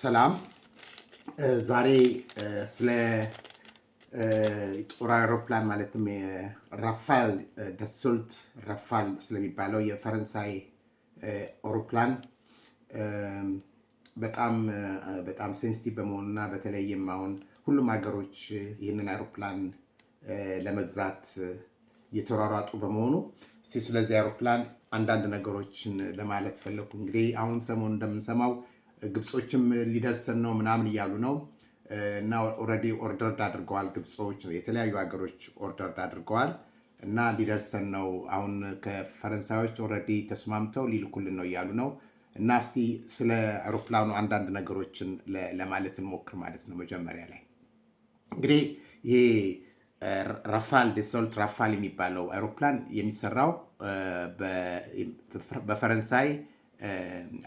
ሰላም። ዛሬ ስለ ጦር አውሮፕላን ማለትም ራፋል ደሶልት ራፋል ስለሚባለው የፈረንሳይ አውሮፕላን በጣም በጣም ሴንሲቲቭ በመሆኑና በተለይም አሁን ሁሉም ሀገሮች ይህንን አውሮፕላን ለመግዛት እየተሯሯጡ በመሆኑ እስቲ ስለዚህ አውሮፕላን አንዳንድ ነገሮችን ለማለት ፈለግኩ። እንግዲህ አሁን ሰሞኑን እንደምንሰማው ግብጾችም ሊደርሰን ነው ምናምን እያሉ ነው እና ኦልሬዲ ኦርደርድ አድርገዋል። ግብጾች የተለያዩ ሀገሮች ኦርደርድ አድርገዋል እና ሊደርሰን ነው አሁን ከፈረንሳዮች ኦልሬዲ ተስማምተው ሊልኩልን ነው እያሉ ነው። እና እስቲ ስለ አውሮፕላኑ አንዳንድ ነገሮችን ለማለት እንሞክር ማለት ነው። መጀመሪያ ላይ እንግዲህ ይሄ ራፋል ዴሶልት ራፋል የሚባለው አውሮፕላን የሚሰራው በፈረንሳይ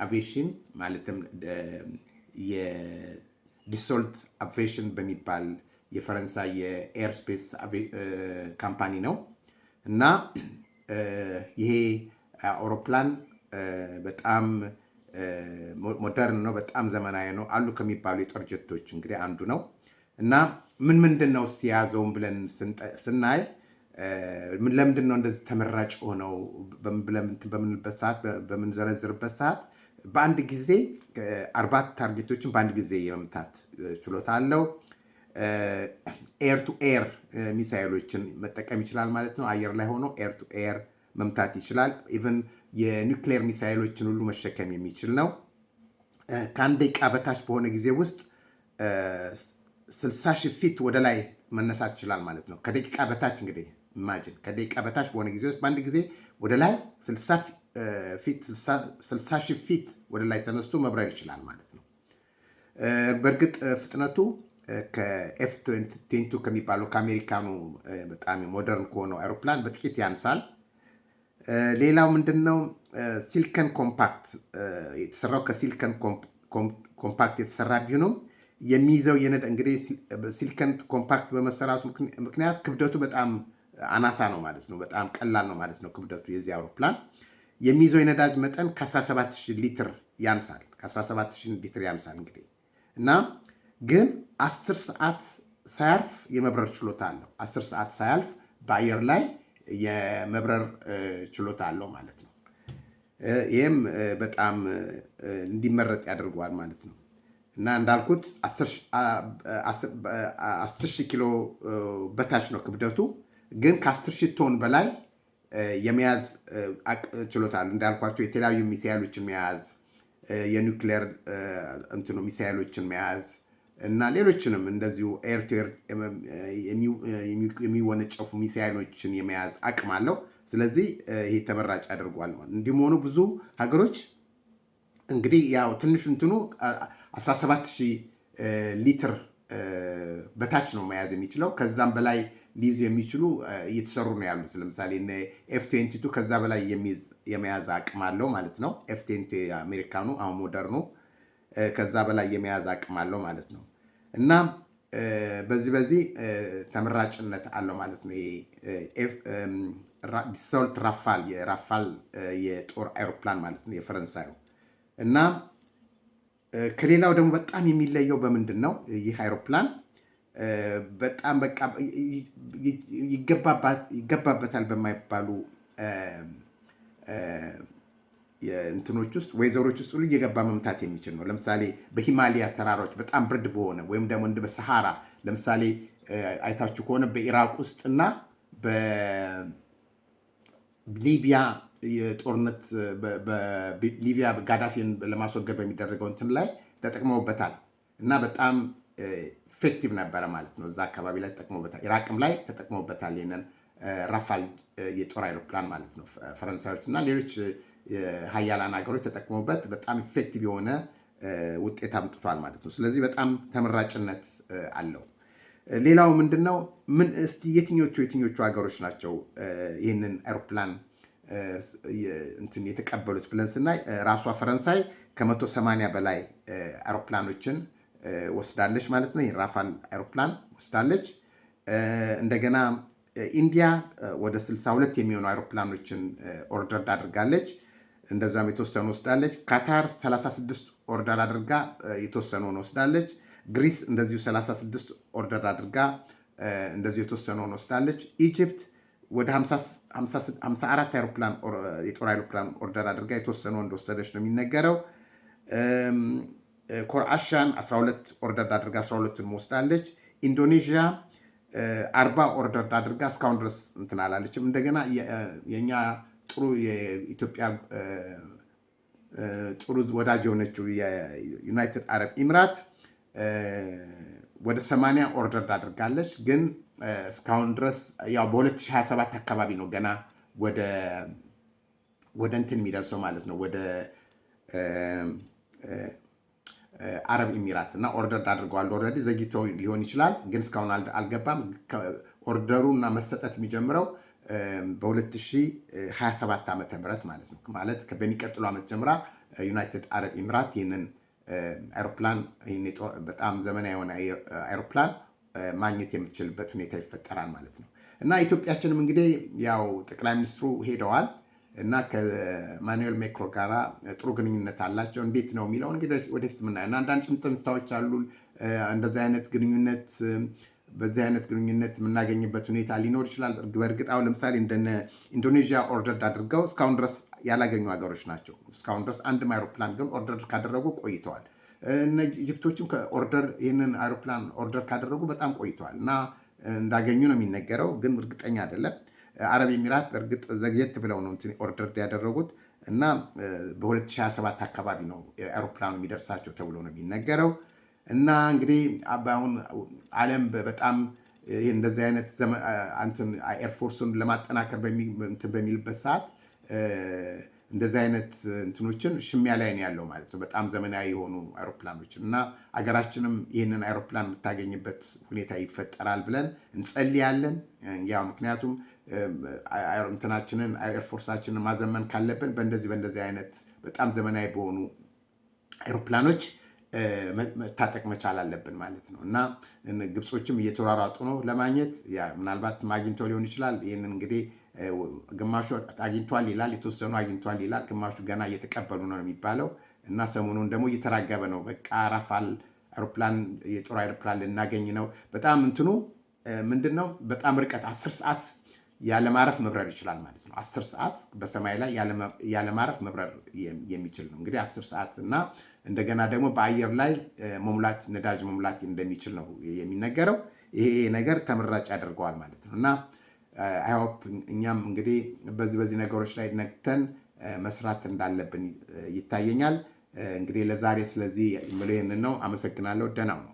አቬሽን um, ማለትም um, የዲሶልት አቬሽን በሚባል የፈረንሳይ የኤርስፔስ uh, ካምፓኒ ነው እና uh, ይሄ አውሮፕላን uh, በጣም ሞደርን ነው፣ በጣም ዘመናዊ ነው አሉ ከሚባሉ የጦር ጀቶች እንግዲህ አንዱ ነው እና ምን ምንድን ነው እስቲ የያዘውን ብለን ስናይ ለምንድን ነው እንደዚህ ተመራጭ ሆነው በምንልበት ሰዓት በምንዘረዝርበት ሰዓት በአንድ ጊዜ አርባት ታርጌቶችን በአንድ ጊዜ የመምታት ችሎታ አለው። ኤር ቱ ኤር ሚሳይሎችን መጠቀም ይችላል ማለት ነው። አየር ላይ ሆኖ ኤር ቱ ኤር መምታት ይችላል። ኢቨን የኒውክሌር ሚሳይሎችን ሁሉ መሸከም የሚችል ነው። ከአንድ ደቂቃ በታች በሆነ ጊዜ ውስጥ ስልሳ ሺህ ፊት ወደ ላይ መነሳት ይችላል ማለት ነው። ከደቂቃ በታች እንግዲህ ኢማጅን ከደቂቃ በታች በሆነ ጊዜ ውስጥ በአንድ ጊዜ ወደ ላይ 60 ሺህ ፊት ወደ ላይ ተነስቶ መብረር ይችላል ማለት ነው። በእርግጥ ፍጥነቱ ከኤፍ ቴንቱ ከሚባለው ከአሜሪካኑ በጣም ሞደርን ከሆነው አይሮፕላን በጥቂት ያንሳል። ሌላው ምንድን ነው? ሲልከን ኮምፓክት የተሰራው ከሲልከን ኮምፓክት የተሰራ ቢሆንም የሚይዘው የነዳ እንግዲህ ሲልከን ኮምፓክት በመሰራቱ ምክንያት ክብደቱ በጣም አናሳ ነው ማለት ነው። በጣም ቀላል ነው ማለት ነው። ክብደቱ የዚህ አውሮፕላን የሚይዘው የነዳጅ መጠን ከ 17 ሊትር ያንሳል። ከ17 ሊትር ያንሳል እንግዲህ እና ግን አስር ሰዓት ሳያልፍ የመብረር ችሎታ አለው። 10 ሰዓት ሳያልፍ በአየር ላይ የመብረር ችሎታ አለው ማለት ነው። ይህም በጣም እንዲመረጥ ያደርገዋል ማለት ነው። እና እንዳልኩት 10 ሺህ ኪሎ በታች ነው ክብደቱ ግን ከአስር ሺህ ቶን በላይ የመያዝ ችሎታል እንዳልኳቸው የተለያዩ ሚሳይሎችን መያዝ የኒክሌር እንትኑ ሚሳይሎችን መያዝ እና ሌሎችንም እንደዚሁ ኤርቴር የሚወነጨፉ ሚሳይሎችን የመያዝ አቅም አለው። ስለዚህ ይሄ ተመራጭ አድርጓል። እንዲሁም ሆኑ ብዙ ሀገሮች እንግዲህ ያው ትንሹ እንትኑ 17 ሺህ ሊትር በታች ነው መያዝ የሚችለው ከዛም በላይ ሊይዝ የሚችሉ እየተሰሩ ነው ያሉት። ለምሳሌ ኤፍ ቴንቲቱ ከዛ በላይ የመያዝ አቅም አለው ማለት ነው። ኤፍ ቴንቲ አሜሪካኑ አሁን ሞደርኑ ከዛ በላይ የመያዝ አቅም አለው ማለት ነው እና በዚህ በዚህ ተመራጭነት አለው ማለት ነው። ዲሶልት ራፋል የራፋል የጦር አይሮፕላን ማለት ነው የፈረንሳዩ እና ከሌላው ደግሞ በጣም የሚለየው በምንድን ነው ይህ አይሮፕላን በጣም በቃ ይገባበታል በማይባሉ እንትኖች ውስጥ ወይዘሮች ውስጥ ሁሉ እየገባ መምታት የሚችል ነው። ለምሳሌ በሂማሊያ ተራራዎች በጣም ብርድ በሆነ ወይም ደግሞ እንደ በሰሃራ ለምሳሌ አይታችሁ ከሆነ በኢራቅ ውስጥ እና በሊቢያ የጦርነት ሊቢያ ጋዳፊን ለማስወገድ በሚደረገው እንትን ላይ ተጠቅመውበታል እና በጣም ኢፌክቲቭ ነበረ ማለት ነው። እዛ አካባቢ ላይ ተጠቅሞበታል፣ ኢራቅም ላይ ተጠቅሞበታል። ይህንን ራፋል የጦር አይሮፕላን ማለት ነው። ፈረንሳዮች እና ሌሎች ሀያላን ሀገሮች ተጠቅሞበት በጣም ኢፌክቲቭ የሆነ ውጤት አምጥቷል ማለት ነው። ስለዚህ በጣም ተመራጭነት አለው። ሌላው ምንድን ነው? ምን እስቲ የትኞቹ የትኞቹ ሀገሮች ናቸው ይህንን አይሮፕላን እንትን የተቀበሉት ብለን ስናይ ራሷ ፈረንሳይ ከመቶ ሰማንያ በላይ አይሮፕላኖችን ወስዳለች ማለት ነው። የራፋል አውሮፕላን ወስዳለች። እንደገና ኢንዲያ ወደ 62 የሚሆኑ አውሮፕላኖችን ኦርደር አድርጋለች። እንደዛም የተወሰኑ ወስዳለች። ካታር 36 ኦርደር አድርጋ የተወሰነውን ወስዳለች። ግሪስ እንደዚሁ 36 ኦርደር አድርጋ እንደዚሁ የተወሰነውን ወስዳለች። ኢጅፕት ወደ 54 አውሮፕላን የጦር አውሮፕላን ኦርደር አድርጋ የተወሰኑ እንደወሰደች ነው የሚነገረው። ኮርአሻን 12 ኦርደር አድርጋ 12ቱን ወስዳለች። ኢንዶኔዥያ አርባ ኦርደር አድርጋ እስካሁን ድረስ እንትን አላለችም። እንደገና የእኛ ጥሩ የኢትዮጵያ ጥሩ ወዳጅ የሆነችው የዩናይትድ አረብ ኤምራት ወደ 80 ኦርደር አድርጋለች። ግን እስካሁን ድረስ ያው በ2027 አካባቢ ነው ገና ወደ ወደ እንትን የሚደርሰው ማለት ነው ወደ አረብ ኢሚራት እና ኦርደር አድርገዋል። ኦልሬዲ ዘግይተው ሊሆን ይችላል፣ ግን እስካሁን አልገባም። ኦርደሩ እና መሰጠት የሚጀምረው በ2027 ዓ ም ማለት ነው። ማለት በሚቀጥሉ ዓመት ጀምራ ዩናይትድ አረብ ኢሚራት ይህንን አይሮፕላን በጣም ዘመናዊ የሆነ አይሮፕላን ማግኘት የምትችልበት ሁኔታ ይፈጠራል ማለት ነው እና ኢትዮጵያችንም እንግዲህ ያው ጠቅላይ ሚኒስትሩ ሄደዋል እና ከማኑኤል ሜክሮ ጋራ ጥሩ ግንኙነት አላቸው። እንዴት ነው የሚለው እንግዲህ ወደፊት ምናየው እና አንዳንድ ጭምጭምታዎች አሉ። እንደዚህ አይነት ግንኙነት በዚህ አይነት ግንኙነት የምናገኝበት ሁኔታ ሊኖር ይችላል። በእርግጥ አሁን ለምሳሌ እንደነ ኢንዶኔዥያ ኦርደርድ አድርገው እስካሁን ድረስ ያላገኙ ሀገሮች ናቸው። እስካሁን ድረስ አንድም አይሮፕላን ግን ኦርደር ካደረጉ ቆይተዋል። እነ ኢጅፕቶችም ከኦርደር ይህንን አይሮፕላን ኦርደር ካደረጉ በጣም ቆይተዋል እና እንዳገኙ ነው የሚነገረው፣ ግን እርግጠኛ አይደለም። አረብ ኤሚራት በእርግጥ ዘግየት ብለው ነው ኦርደር ያደረጉት እና በ2027 አካባቢ ነው አውሮፕላኑ የሚደርሳቸው ተብሎ ነው የሚነገረው። እና እንግዲህ አሁን ዓለም በጣም እንደዚህ አይነት ኤርፎርስን ለማጠናከር በሚልበት ሰዓት እንደዚህ አይነት እንትኖችን ሽሚያ ላይ ነው ያለው ማለት ነው። በጣም ዘመናዊ የሆኑ አይሮፕላኖችን እና አገራችንም ይህንን አይሮፕላን የምታገኝበት ሁኔታ ይፈጠራል ብለን እንጸልያለን። ያው ምክንያቱም እንትናችንን ኤርፎርሳችንን ማዘመን ካለብን በእንደዚህ በእንደዚህ አይነት በጣም ዘመናዊ በሆኑ አይሮፕላኖች መታጠቅ መቻል አለብን ማለት ነው እና ግብጾችም እየተሯሯጡ ነው ለማግኘት ምናልባት ማግኝተው ሊሆን ይችላል። ይህንን እንግዲህ ግማሹ አግኝቷል ይላል፣ የተወሰኑ አግኝቷል ይላል፣ ግማሹ ገና እየተቀበሉ ነው የሚባለው እና ሰሞኑን ደግሞ እየተራገበ ነው። በቃ ራፋል አውሮፕላን የጦር አውሮፕላን ልናገኝ ነው። በጣም እንትኑ ምንድን ነው? በጣም ርቀት አስር ሰዓት ያለማረፍ መብረር ይችላል ማለት ነው። አስር ሰዓት በሰማይ ላይ ያለማረፍ መብረር የሚችል ነው እንግዲህ አስር ሰዓት እና እንደገና ደግሞ በአየር ላይ መሙላት ነዳጅ መሙላት እንደሚችል ነው የሚነገረው። ይሄ ነገር ተመራጭ ያደርገዋል ማለት ነው እና አይሆፕ እኛም እንግዲህ በዚህ በዚህ ነገሮች ላይ ነግተን መስራት እንዳለብን ይታየኛል። እንግዲህ ለዛሬ ስለዚህ የምለው ነው። አመሰግናለሁ። ደህና ነው።